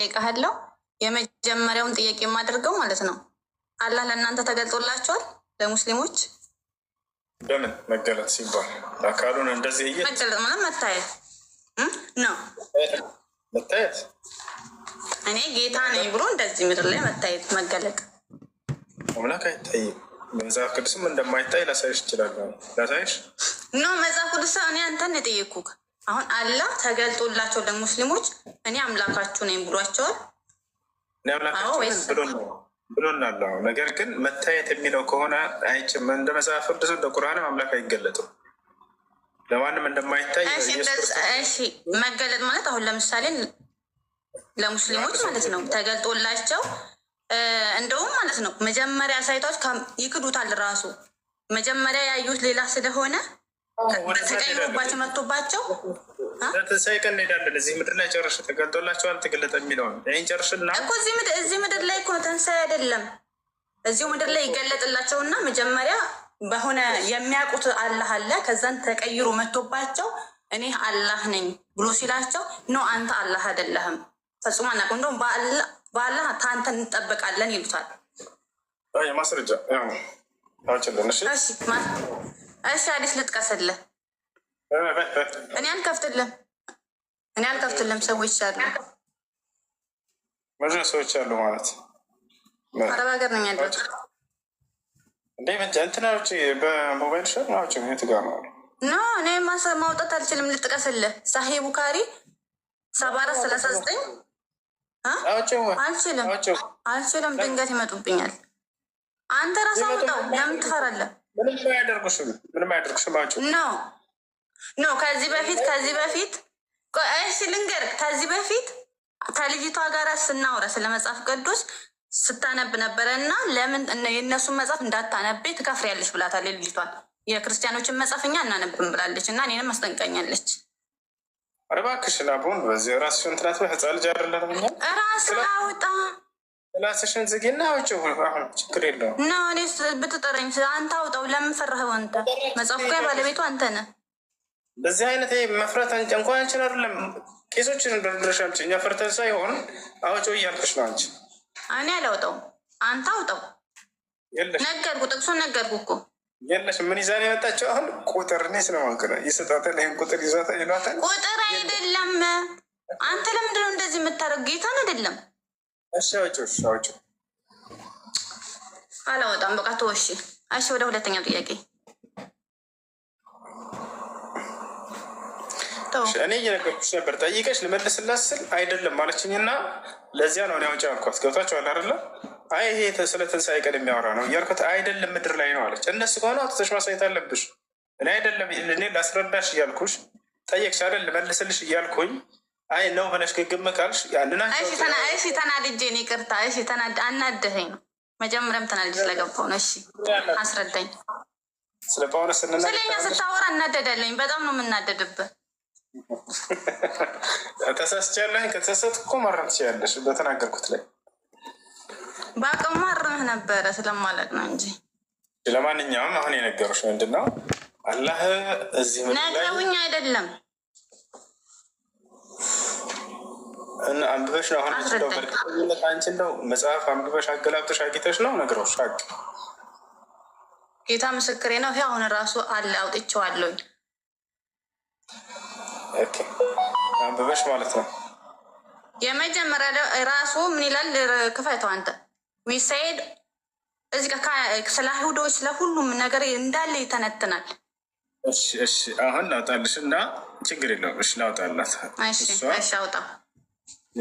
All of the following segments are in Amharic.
ጠይቀሃለው። የመጀመሪያውን ጥያቄ የማደርገው ማለት ነው አላህ ለእናንተ ተገልጦላቸዋል ለሙስሊሞች ለምን መገለጥ ሲባል አካሉን እንደዚህ እየ መገለጥ ምንም መታየት ነው። መታየት እኔ ጌታ ነኝ ብሎ እንደዚህ ምድር ላይ መታየት መገለጥ አምላክ አይታይም። መጽሐፍ ቅዱስም እንደማይታይ ላሳይሽ ይችላል። ላሳይሽ ኖ መጽሐፍ ቅዱስ እኔ አንተን የጠየኩህ አሁን አላህ ተገልጦላቸው ለሙስሊሞች እኔ አምላካችሁ ነኝ ብሏቸዋል ብሎናለ። ነገር ግን መታየት የሚለው ከሆነ አይችም። እንደ መጽሐፍ ቅዱስ እንደ ቁርአንም አምላክ አይገለጥም፣ ለማንም እንደማይታይ መገለጥ ማለት አሁን ለምሳሌ ለሙስሊሞች ማለት ነው ተገልጦላቸው እንደውም ማለት ነው መጀመሪያ ሳይቷች ይክዱታል። ራሱ መጀመሪያ ያዩት ሌላ ስለሆነ ተቀይሮባቸው መጥቶባቸው ለትንሳኤ ቀን እንሄዳለን። እዚህ ምድር ላይ ጨርሽ ተገልጦላቸዋል። ተገለጠ የሚለውን ይህን ጨርስና እኮ እዚህ ምድር ላይ እኮ ተንሳኤ አይደለም። እዚሁ ምድር ላይ ይገለጥላቸውና መጀመሪያ በሆነ የሚያውቁት አላህ አለ። ከዛን ተቀይሮ መጥቶባቸው እኔ አላህ ነኝ ብሎ ሲላቸው ነው አንተ አላህ አይደለህም ፈጽሞ አናውቅም፣ እንደውም በአላህ ከአንተ እንጠበቃለን ይሉታል። ማስረጃ ያው እሺ እሺ አዲስ ልጥቀስልህ። እኔ አልከፍትልም፣ እኔ አልከፍትልም። ሰዎች አሉ፣ ብዙ ሰዎች አሉ ማለት አረብ ሀገር ነው ያለ እንዴ እንትናዎች በሞባይል ሸር እኔ ማውጣት አልችልም። ልጥቀስልህ ሳሄ ቡካሪ ሰባ አራት ሰላሳ ዘጠኝ አልችልም፣ አልችልም። ድንገት ይመጡብኛል። አንተ ራስህ አውጣው። ለምን ትፈራለህ? ምንም አያደርጉ ስም ምንም አያደርጉ ስማቸው ኖ ኖ። ከዚህ በፊት ከዚህ በፊት እሺ ልንገርህ፣ ከዚህ በፊት ከልጅቷ ጋር ስናወራ ስለ መጽሐፍ ቅዱስ ስታነብ ነበረ እና ለምን የእነሱን መጽሐፍ እንዳታነብ ትከፍሪያለች ብላታል ልጅቷን። የክርስቲያኖችን መጽሐፍ እኛ እናነብም ብላለች እና እኔንም አስጠንቀኛለች። እባክሽን አቡን በዚህ ራስሽን ትናት ህፃን ልጅ አይደለም ራስ አውጣ ራስሽን ዝጊና ውጭ አሁን ችግር የለውም። እና እኔ ብትጠረኝ አንተ አውጣው። ለምን አንተ መጽሐፍ ባለቤቱ አንተ ነህ። በዚህ አይነት መፍረት እንኳን አንቺን አይደለም ቄሶችን እንደረሻል እኛ ፈርተን ሳይሆን አውጪው እያልኩሽ ነው። አንቺ እኔ አላውጣውም፣ አንተ አውጣው። ነገርኩ፣ ጥቅሱን ነገርኩ እኮ የለሽ ምን ይዛ ነው አሁን ቁጥር እኔ ይሰጣታል። ይህን ቁጥር ይዟታል ይሏታል። ቁጥር አይደለም አንተ። ለምንድነው እንደዚህ የምታደርገው? ጌታን አይደለም እሺ አውጪው፣ እሺ አውጪው። አላወጣም በቃ ተወው። እሺ እሺ፣ ወደ ሁለተኛው ጥያቄ እኔ እየነገርኩሽ ነበር ጠይቀሽ ልመልስላት ስል አይደለም ማለችኝ እና ለዚያ ነው እኔ አውጪ አልኳት። ገብታችኋል አይደለ? አይ ይሄ ስለ ትንሣኤ ቀን የሚያወራ ነው እያልኳት አይደለም ምድር ላይ ነው አለች። እነሱ ከሆነ አውጥተሽ ማሳየት አለብሽ። እኔ አይደለም እኔ ላስረዳሽ እያልኩሽ ጠየቅሽ አይደል? ልመልስልሽ እያልኩኝ አይ ነው ብለሽ ግግም ካልሽ እሺ፣ ተናድጄ ነው ይቅርታ። እሺ፣ አናደኸኝ ነው መጀመሪያም ተናድጄ ስለገባሁ ነው። እሺ፣ አስረዳኝ። ስለ ጳውሎስ ስለኛ ስታወራ እናደዳለኝ። በጣም ነው የምናደድብህ። ተሳስቻለኝ። ከተሳሳትኩ እኮ ማረም ትችያለሽ። በተናገርኩት ላይ በአቅም ማረምህ ነበረ ስለማለቅ ነው እንጂ። ለማንኛውም አሁን የነገሩሽ ምንድን ነው? አላህ እዚህ ነግረውኝ አይደለም አንብበሽ ነው አሁን ችለው በርግጠኝነት አንቺ ነው መጽሐፍ አንብበሽ አገላብተሽ አጌተሽ ነው ነገሮች ሀቅ ጌታ ምስክሬ ነው። ይሄ አሁን ራሱ አለ አውጥቼዋለሁኝ። አንብበሽ ማለት ነው። የመጀመሪያ ራሱ ምን ይላል? ክፈተው አንተ ዊሳይድ እዚህ ጋር ስለ አይሁዶች ስለ ሁሉም ነገር እንዳለ ይተነትናል። እሺ፣ እሺ፣ አሁን ላውጣልሽ እና ችግር የለውም። እሺ ላውጣላት። እሺ አውጣ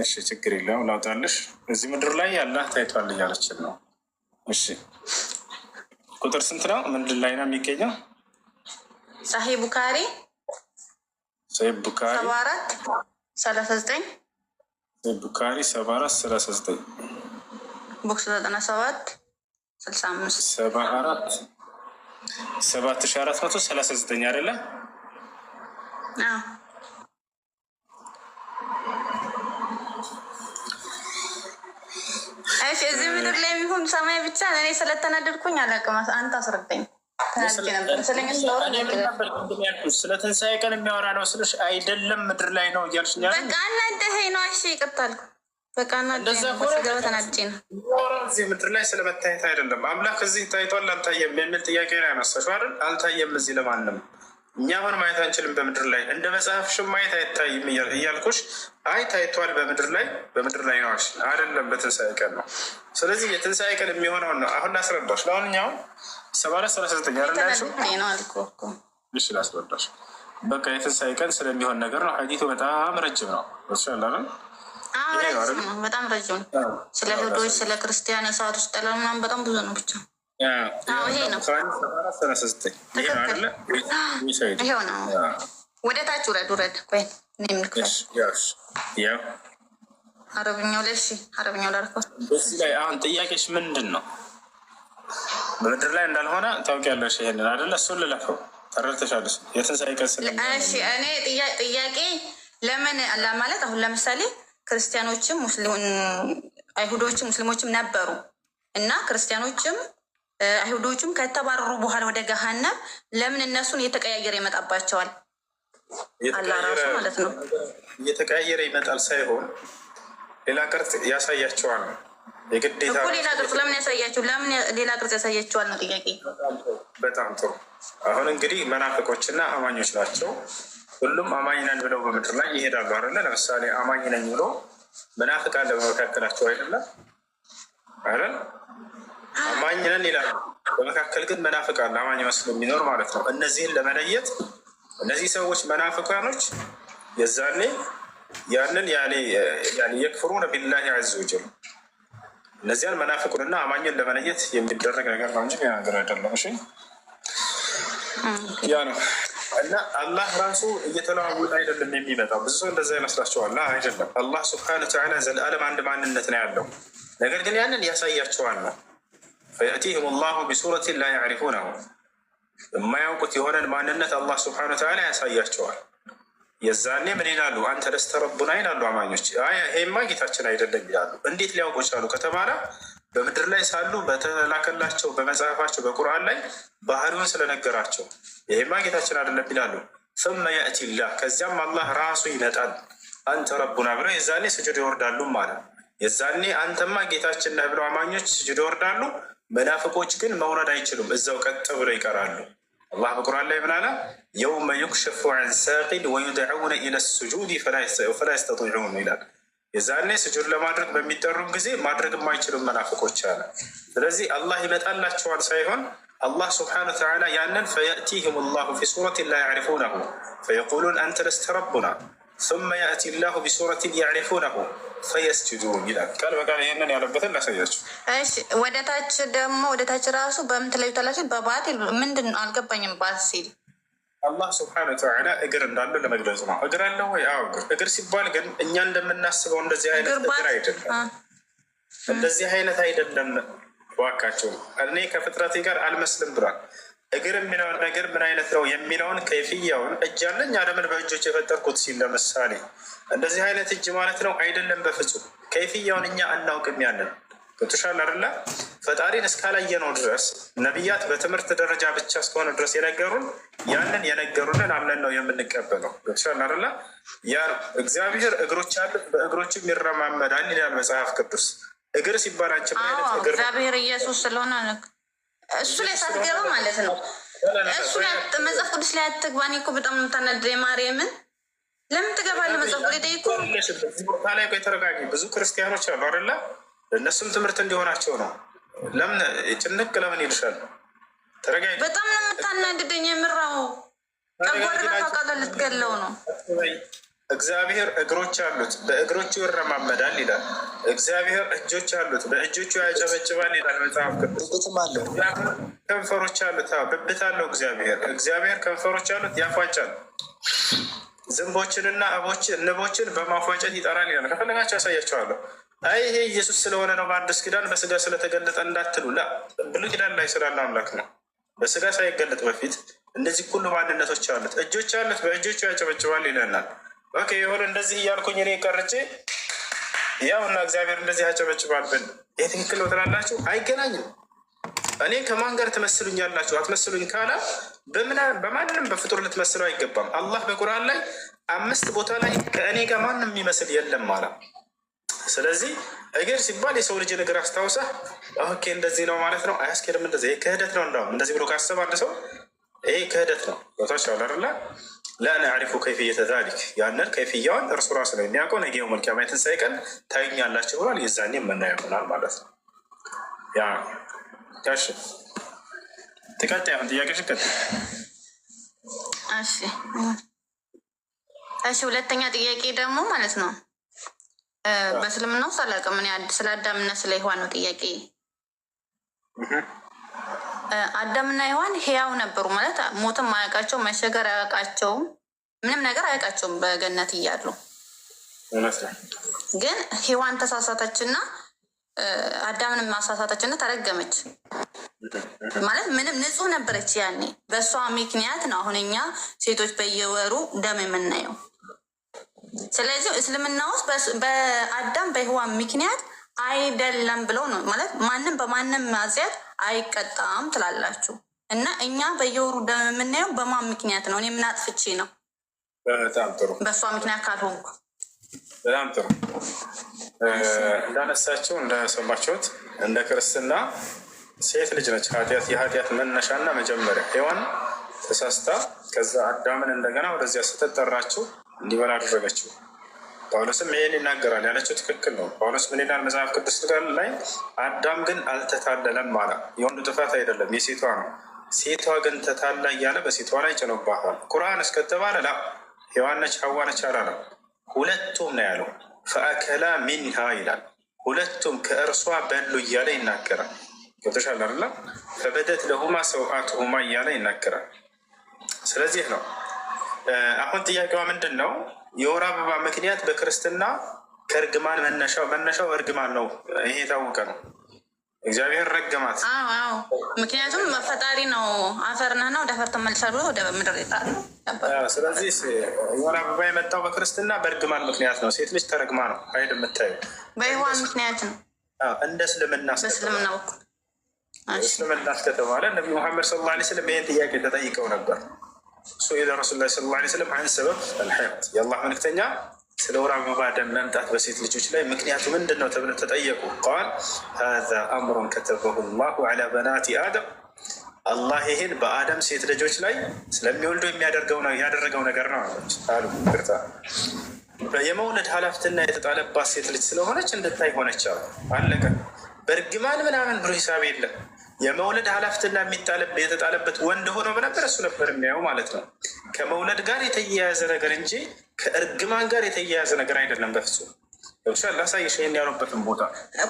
እሺ ችግር የለም ላውጣልሽ። እዚህ ምድር ላይ አላህ ታይቷል እያለችን ነው። እሺ ቁጥር ስንት ነው? ምንድን ላይ ነው የሚገኘው? ሳሂ ቡካሪ ሳሂ ቡካሪ ሰባ አራት ሰላሳ ዘጠኝ ሳሂ ቡካሪ ሰባ አራት ሰላሳ ዘጠኝ ቦክስ ዘጠና ሰባት ስልሳ አምስት ሰባ አራት ሰባት ሺ አራት መቶ ሰላሳ ዘጠኝ አይደለ? እሺ እዚህ ምድር ላይ የሚሆን ሰማይ ብቻ እኔ ስለተናደድኩኝ አላውቅም። አንተ አስረዳኝ። ስለ ትንሣኤ ቀን የሚያወራ ነው ስለሽ፣ አይደለም ምድር ላይ ነው እያልሽ በቃ እናደኸኝ ነው። እሺ ይቅርታ አልኩ። በቃ እናደኸኝ ነው። እዚህ ምድር ላይ ስለመታየት አይደለም አምላክ እዚህ ታይቷል አልታየም የሚል ጥያቄ ነው ያነሳሽው አይደል? አልታየም እዚህ ለማንም እኛ አሁን ማየት አንችልም በምድር ላይ እንደ መጽሐፍሽም ማየት አይታይም እያልኩሽ፣ አይ ታይቷል በምድር ላይ በምድር ላይ ነዋሽ አይደለም በትንሳኤ ቀን ነው። ስለዚህ የትንሳኤ ቀን የሚሆነውን ነው አሁን ላስረዳሽ። ለአሁን እኛሁን ሰባአራት ሰላሳ ዘጠኝ ያላሽ ላስረዳሽ። በቃ የትንሳኤ ቀን ስለሚሆን ነገር ነው። ሀዲቱ በጣም ረጅም ነው። ስላለን በጣም ረጅም ነው። ስለ ህዶች ስለ ክርስቲያን የሰዓት ውስጥ ጠላ ምናምን በጣም ብዙ ነው ብቻ ይሄው ነው። ወደ ታች ውረድ ውረድ። አረብኛው ላይ አረብኛው ላይ አሁን ጥያቄሽ ምንድን ነው? በምድር ላይ እንዳልሆነ ታውቂያለሽ። ይሄንን አይደለ እሱን ልለፈው ተረድተሻል። የትንሣኤ ቀን እሺ። እኔ ጥያቄ ለምን ማለት አሁን ለምሳሌ ክርስቲያኖችም አይሁዶችም ሙስሊሞችም ነበሩ እና ክርስቲያኖችም አይሁዶቹም ከተባረሩ በኋላ ወደ ገሃነም ለምን እነሱን እየተቀያየረ ይመጣባቸዋል? ማለት ነው። እየተቀያየረ ይመጣል ሳይሆን ሌላ ቅርጽ ያሳያቸዋል ነው የግዴታ እኮ ሌላ ቅርጽ ለምን ለምን ሌላ ቅርጽ ያሳያቸዋል ነው ጥያቄ። በጣም ጥሩ። አሁን እንግዲህ መናፍቆችና አማኞች ናቸው። ሁሉም አማኝ ነን ብለው በምድር ላይ ይሄዳሉ አይደለ? ለምሳሌ አማኝ ነኝ ብሎ መናፍቅ አለ በመካከላቸው አይደለም አይደል? አማኝ ነን ይላሉ። በመካከል ግን መናፍቃን አማኝ መስሎ የሚኖር ማለት ነው። እነዚህን ለመለየት እነዚህ ሰዎች መናፍቃኖች የዛኔ ያንን የክፍሩነ ቢላ ያዝ ወጀል እነዚያን መናፍቁንና አማኝን ለመለየት የሚደረግ ነገር ነው እንጂ ነገር አይደለም። እሺ ያ ነው እና አላህ ራሱ እየተለዋወጠ አይደለም የሚመጣው። ብዙ ሰው እንደዛ ይመስላችኋል። አይደለም። አላህ ስብሐነ ወተዓላ ዘለዓለም አንድ ማንነት ነው ያለው። ነገር ግን ያንን ያሳያቸዋል ነው ፈየእቲህም ላሁ ቢሱረትን ላ ያዕሪፉነሁ የማያውቁት የሆነን ማንነት አላህ ስብሐነ ወተዓላ ያሳያቸዋል። የዛኔ ምን ይላሉ? አንተ ለስተ ረቡና ይላሉ አማኞች፣ ይሄማ ጌታችን አይደለም ይላሉ። እንዴት ሊያውቁ ቻሉ ከተባለ በምድር ላይ ሳሉ በተላከላቸው በመጽሐፋቸው በቁርአን ላይ ባህሪውን ስለነገራቸው ይሄማ ጌታችን አይደለም ይላሉ። ثመ የእቲላህ ከዚያም አላህ ራሱ ይመጣል። አንተ ረቡና ብለው የዛኔ ስጁድ ይወርዳሉ ማለት የዛኔ አንተማ ጌታችን ነህ ብለው አማኞች ስጁድ ይወርዳሉ። መናፍቆች ግን መውረድ አይችሉም፣ እዛው ቀጥ ብለው ይቀራሉ። አላህ በቁርአን ላይ ምን የውመ ዩክሸፉ አን ሳቂን ወዩድዐውነ ኢለ ሱጁድ ፈላ የስተጢዑን ይላል። የዛኔ ስጁድ ለማድረግ በሚጠሩ ጊዜ ማድረግ የማይችሉም መናፍቆች አለ። ስለዚህ አላህ ይመጣላቸዋል ሳይሆን አላህ ስብሓነሁ ወተዓላ ያንን ፈየእቲህም ላሁ ፊ ሱረት ላ ያዕሪፉነሁ ፈየቁሉን አንተ ለስተ ረቡና ሱመ ያእቲ ላሁ ቢሱረትን ያዕሪፉነሁ ፈየስጁዱን ይላል። ቃል በቃል ይህንን ያለበትን ላሳያችሁ። እሺ ወደ ታች ደግሞ ወደ ታች ራሱ በምትለዩ ተላችሁ በባጢል ምንድን አልገባኝም። ባት ሲል አላህ ስብሐነሁ ወተዓላ እግር እንዳለው ለመግለጽ ነው። እግር አለው ወይ? አዎ እግር እግር ሲባል ግን እኛ እንደምናስበው እንደዚህ አይነት እግር አይደለም፣ እንደዚህ አይነት አይደለም። ዋካቸው እኔ ከፍጥረቴ ጋር አልመስልም ብሏል። እግር የሚለውን ነገር ምን አይነት ነው የሚለውን ከይፍያውን እጅ አለኝ አለምን በእጆች የፈጠርኩት ሲል ለምሳሌ እንደዚህ አይነት እጅ ማለት ነው አይደለም፣ በፍጹም ከይፍያውን እኛ አናውቅም። ያለን ገብቶሻል አይደለ? ፈጣሪን እስካላየነው ድረስ ነቢያት በትምህርት ደረጃ ብቻ እስከሆነ ድረስ የነገሩን ያንን የነገሩንን አምነን ነው የምንቀበለው። ገብቶሻል አይደለ? ያ እግዚአብሔር እግሮች አሉት በእግሮችም ይረማመዳል ይላል መጽሐፍ ቅዱስ። እግር ሲባል አንቺ አይነት እግር እግዚአብሔር ኢየሱስ ስለሆነ እሱ ላይ ሳትገባ ማለት ነው። እሱ መጽሐፍ ቅዱስ ላይ አትግባ። እኔ እኮ በጣም የምታናደ ማርያምን ለምን ትገባለህ? መጽሐፍ ቅዱስ ጠይቁታ ላይ የተረጋጊ ብዙ ክርስቲያኖች አሉ አይደለ? እነሱም ትምህርት እንዲሆናቸው ነው። ለምን ጭንቅ ለምን ይልሻል? ተረጋጊ። በጣም ነው የምታናድደኝ። የምራው ጠጓር በፋቃጋ ልትገለው ነው እግዚአብሔር እግሮች አሉት በእግሮቹ ይረማመዳል ይላል። እግዚአብሔር እጆች አሉት በእጆቹ ያጨበጭባል ይላል መጽሐፍ ቅዱስ። ከንፈሮች አሉት ብብት አለው እግዚአብሔር። እግዚአብሔር ከንፈሮች አሉት ያፏጫል። ዝንቦችንና ንቦችን በማፏጨት ይጠራል ይላል። ከፈለጋቸው ያሳያቸዋለሁ። አይ ይሄ ኢየሱስ ስለሆነ ነው በአዲስ ኪዳን በስጋ ስለተገለጠ እንዳትሉ። ላ ብሉ ኪዳን ላይ ስላለ አምላክ ነው በስጋ ሳይገለጥ በፊት። እንደዚህ ሁሉ ማንነቶች አሉት። እጆች አሉት በእጆቹ ያጨበጭባል ይለናል። ኦኬ የሆነ እንደዚህ እያልኩኝ እኔ ቀርቼ ያው እና እግዚአብሔር እንደዚህ ያጨበጭባብን የትክክል ትክክል ነው ትላላችሁ? አይገናኝም። እኔ ከማን ጋር ትመስሉኝ ያላችሁ አትመስሉኝ ካላ በማንም በፍጡር ልትመስለው አይገባም። አላህ በቁርአን ላይ አምስት ቦታ ላይ ከእኔ ጋር ማንም የሚመስል የለም አላ። ስለዚህ እግር ሲባል የሰው ልጅ እግር አስታውሰህ ኦኬ እንደዚህ ነው ማለት ነው። አያስኬድም። እንደዚህ ይህ ክህደት ነው። እንደውም እንደዚህ ብሎ ካሰብ አንድ ሰው ይሄ ክህደት ነው። ቦታቸው አላርላ ላናዕሪፉ ከይፍየተ ዛሊክ ያንን ከይፍያዋን እርሱ ራሱ ነው የሚያውቀው። ነገ የውመል ቂያማ የትንሣኤ ቀን ታዩኛላችሁ ብሏል። የዛኔ የምናየው ይሆናል ማለት ነው። ያ ጋሽ ትቀጣይ አሁን ጥያቄሽ ቀጥ እሺ፣ እሺ። ሁለተኛ ጥያቄ ደግሞ ማለት ነው በእስልምና ውስጥ አላውቅም እኔ ስለ አዳምና ስለ ሔዋን ነው ጥያቄ አዳምና ሔዋን ህያው ነበሩ ማለት ሞትም አያውቃቸው መሸገር አያውቃቸውም፣ ምንም ነገር አያውቃቸውም በገነት እያሉ። ግን ሔዋን ተሳሳተችና አዳምን ማሳሳተችና ተረገመች ማለት ምንም ንጹህ ነበረች ያኔ። በእሷ ምክንያት ነው አሁን እኛ ሴቶች በየወሩ ደም የምናየው። ስለዚህ እስልምና ውስጥ በአዳም በሔዋን ምክንያት አይደለም ብለው ነው ማለት ማንም በማንም ማጽያት አይቀጣም ትላላችሁ እና እኛ በየወሩ የምናየው በማን ምክንያት ነው? እኔ ምን አጥፍቼ ነው? በጣም ጥሩ። በእሷ ምክንያት ካልሆንኩ በጣም ጥሩ። እንዳነሳቸው እንደሰማችሁት እንደ ክርስትና ሴት ልጅ ነች የኃጢአት መነሻና መጀመሪያ ሔዋን ተሳስታ ከዛ አዳምን እንደገና ወደዚያ ስትጠራችው እንዲበላ አደረገችው። ጳውሎስም ይህን ይናገራል ያለችው ትክክል ነው። ጳውሎስ ምን ይላል መጽሐፍ ቅዱስ ጋር ላይ አዳም ግን አልተታለለም አለ። የወንዱ ጥፋት አይደለም የሴቷ ነው። ሴቷ ግን ተታላ እያለ በሴቷ ላይ ጭኖባታል። ቁርአን እስከተባለ ላ ሔዋነች ሐዋነች ነው። ሁለቱም ነው ያለው። ፈአከላ ሚንሃ ይላል። ሁለቱም ከእርሷ በሉ እያለ ይናገራል። ገብቶሻል አይደል? ፈበደት ለሁማ ሰውአትሁማ እያለ ይናገራል። ስለዚህ ነው አሁን ጥያቄዋ ምንድን ነው? የወር አበባ ምክንያት በክርስትና ከእርግማን መነሻው መነሻው እርግማን ነው። ይሄ የታወቀ ነው። እግዚአብሔር ረገማት። ምክንያቱም መፈጣሪ ነው። አፈር ነህ ነው ወደ አፈር ተመልሳሉ ወደ ምድር ይጣሉ። ስለዚህ ወር አበባ የመጣው በክርስትና በእርግማን ምክንያት ነው። ሴት ልጅ ተረግማ ነው አይደል? የምታዩ በሔዋን ምክንያት ነው። እንደ እስልምና በእስልምና በኩል እስልምና ከተባለ ነቢ ሙሐመድ ሰለላሁ ዓለይሂ ወሰለም ይህን ጥያቄ ተጠይቀው ነበር። ሱኢለ ረሱሉ ላ ሰለላሁ ዐለይሂ ወሰለም አን ሰበብ አልሐያት የአላህ መልክተኛ ስለ ወር አበባ ደም መምጣት በሴት ልጆች ላይ ምክንያቱ ምንድን ነው ተብለው ተጠየቁ። ቃል ሀዛ አምሩን ከተበሁ ላሁ ዐላ በናቲ አደም አላህ ይህን በአደም ሴት ልጆች ላይ ስለሚወልዱ የሚያደርገው ነው ያደረገው ነገር ነው አለች አሉ። ቅርታ የመውለድ ኃላፊነትና የተጣለባት ሴት ልጅ ስለሆነች እንድታይ ሆነች አሉ። አለቀ። በእርግማን ምናምን ብሎ ሂሳብ የለም። የመውለድ ኃላፊትና የተጣለበት ወንድ ሆኖ በነበር እሱ ነበር የሚያየው ማለት ነው። ከመውለድ ጋር የተያያዘ ነገር እንጂ ከእርግማን ጋር የተያያዘ ነገር አይደለም። በፍጹም ይሻል ላሳይሽ፣ ይህን ያሉበትን ቦታ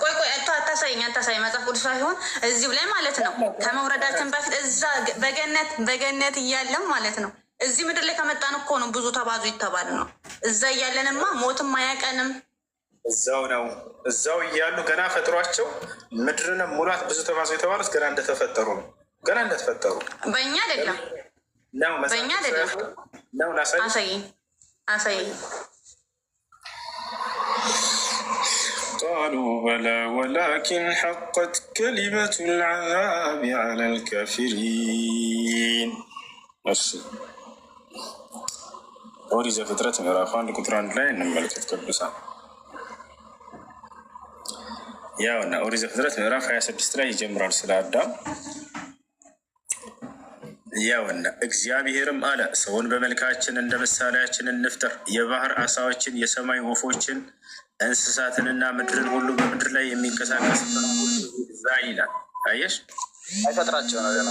ቆይ ቆይ፣ አታሳይኝ፣ አታሳይኝ። መጽሐፍ ቅዱስ ሳይሆን እዚሁ ላይ ማለት ነው። ከመውረዳችን በፊት እዛ በገነት በገነት እያለም ማለት ነው እዚህ ምድር ላይ ከመጣን እኮ ነው ብዙ ተባዙ ይተባል ነው። እዛ እያለንማ ሞትም አያቀንም እዛው ነው እዛው እያሉ ገና ፈጥሯቸው ምድርን ሙሏት ብዙ ተባዙ የተባሉት ገና እንደተፈጠሩ ነው። ገና እንደተፈጠሩ በእኛ አይደለም ነው በእኛ አይደለም ነው። አሳይ አሳይ ቃሉ በላ ወላኪን ሐቀት ከሊመቱ ልዓዛብ ዐላ ልካፊሪን። እሺ ኦሪት ዘፍጥረት ምዕራፍ አንድ ቁጥር አንድ ላይ እንመልከት ቅዱሳን ያው እና ኦሪት ዘፍጥረት ምዕራፍ ሀያ ስድስት ላይ ይጀምራል ስለ አዳም። ያውና እግዚአብሔርም አለ ሰውን በመልካችን እንደ ምሳሌያችን እንፍጠር፣ የባህር አሳዎችን፣ የሰማይ ወፎችን፣ እንስሳትንና ምድርን ሁሉ በምድር ላይ የሚንቀሳቀስ ዛ ይላል። አየሽ አይፈጥራቸው ነው ገና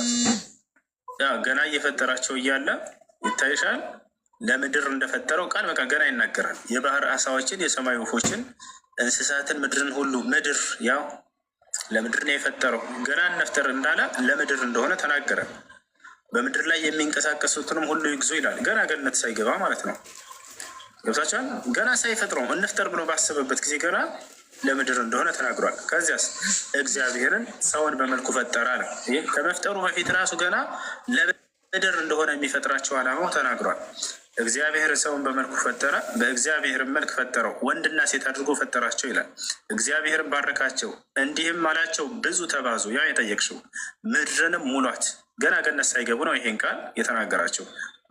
ገና እየፈጠራቸው እያለ ይታይሻል። ለምድር እንደፈጠረው ቃል በቃ ገና ይናገራል። የባህር አሳዎችን፣ የሰማይ ወፎችን እንስሳትን ምድርን ሁሉ ምድር ያው ለምድር ነው የፈጠረው። ገና ነፍጠር እንዳለ ለምድር እንደሆነ ተናገረ። በምድር ላይ የሚንቀሳቀሱትንም ሁሉ ይግዙ ይላል። ገና ገነት ሳይገባ ማለት ነው። ገብታችኋል? ገና ሳይፈጥረው እንፍጠር ብሎ ባሰበበት ጊዜ ገና ለምድር እንደሆነ ተናግሯል። ከዚያስ እግዚአብሔርን ሰውን በመልኩ ፈጠረ ነው። ከመፍጠሩ በፊት ራሱ ገና ለምድር እንደሆነ የሚፈጥራቸው አላማው ተናግሯል። እግዚአብሔር ሰውን በመልኩ ፈጠረ፣ በእግዚአብሔር መልክ ፈጠረው፣ ወንድና ሴት አድርጎ ፈጠራቸው ይላል። እግዚአብሔርን ባረካቸው፣ እንዲህም አላቸው ብዙ ተባዙ። ያ የጠየቅሽው ምድርንም ሙሏት። ገና ገነት ሳይገቡ ነው ይሄን ቃል የተናገራቸው።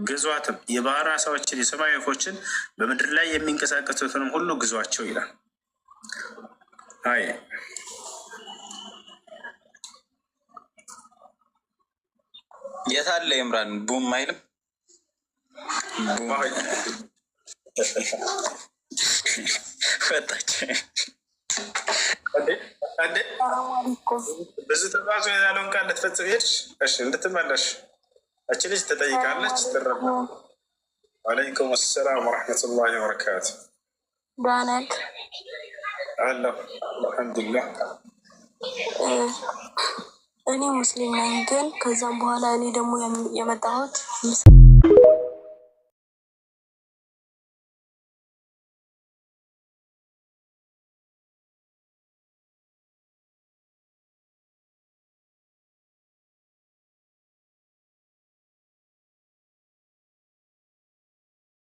ግዟትም የባህር አሳዎችን፣ የሰማይ ወፎችን፣ በምድር ላይ የሚንቀሳቀሱትንም ሁሉ ግዟቸው ይላል። አይ የታለ ይምራን ቡም አይልም ወጣች። ብዙ ተጓዙ ያለውን ቃል ልትፈጽም ሄድሽ። እሺ እንድትመለሽ እች ልጅ ትጠይቃለች። ትረዳ አለይኩም አሰላም ወረሕመቱላሂ ወበረካቱ። ዳነት አለሁ አልሐምዱሊላህ። እኔ ሙስሊም ነኝ፣ ግን ከዛም በኋላ እኔ ደግሞ የመጣሁት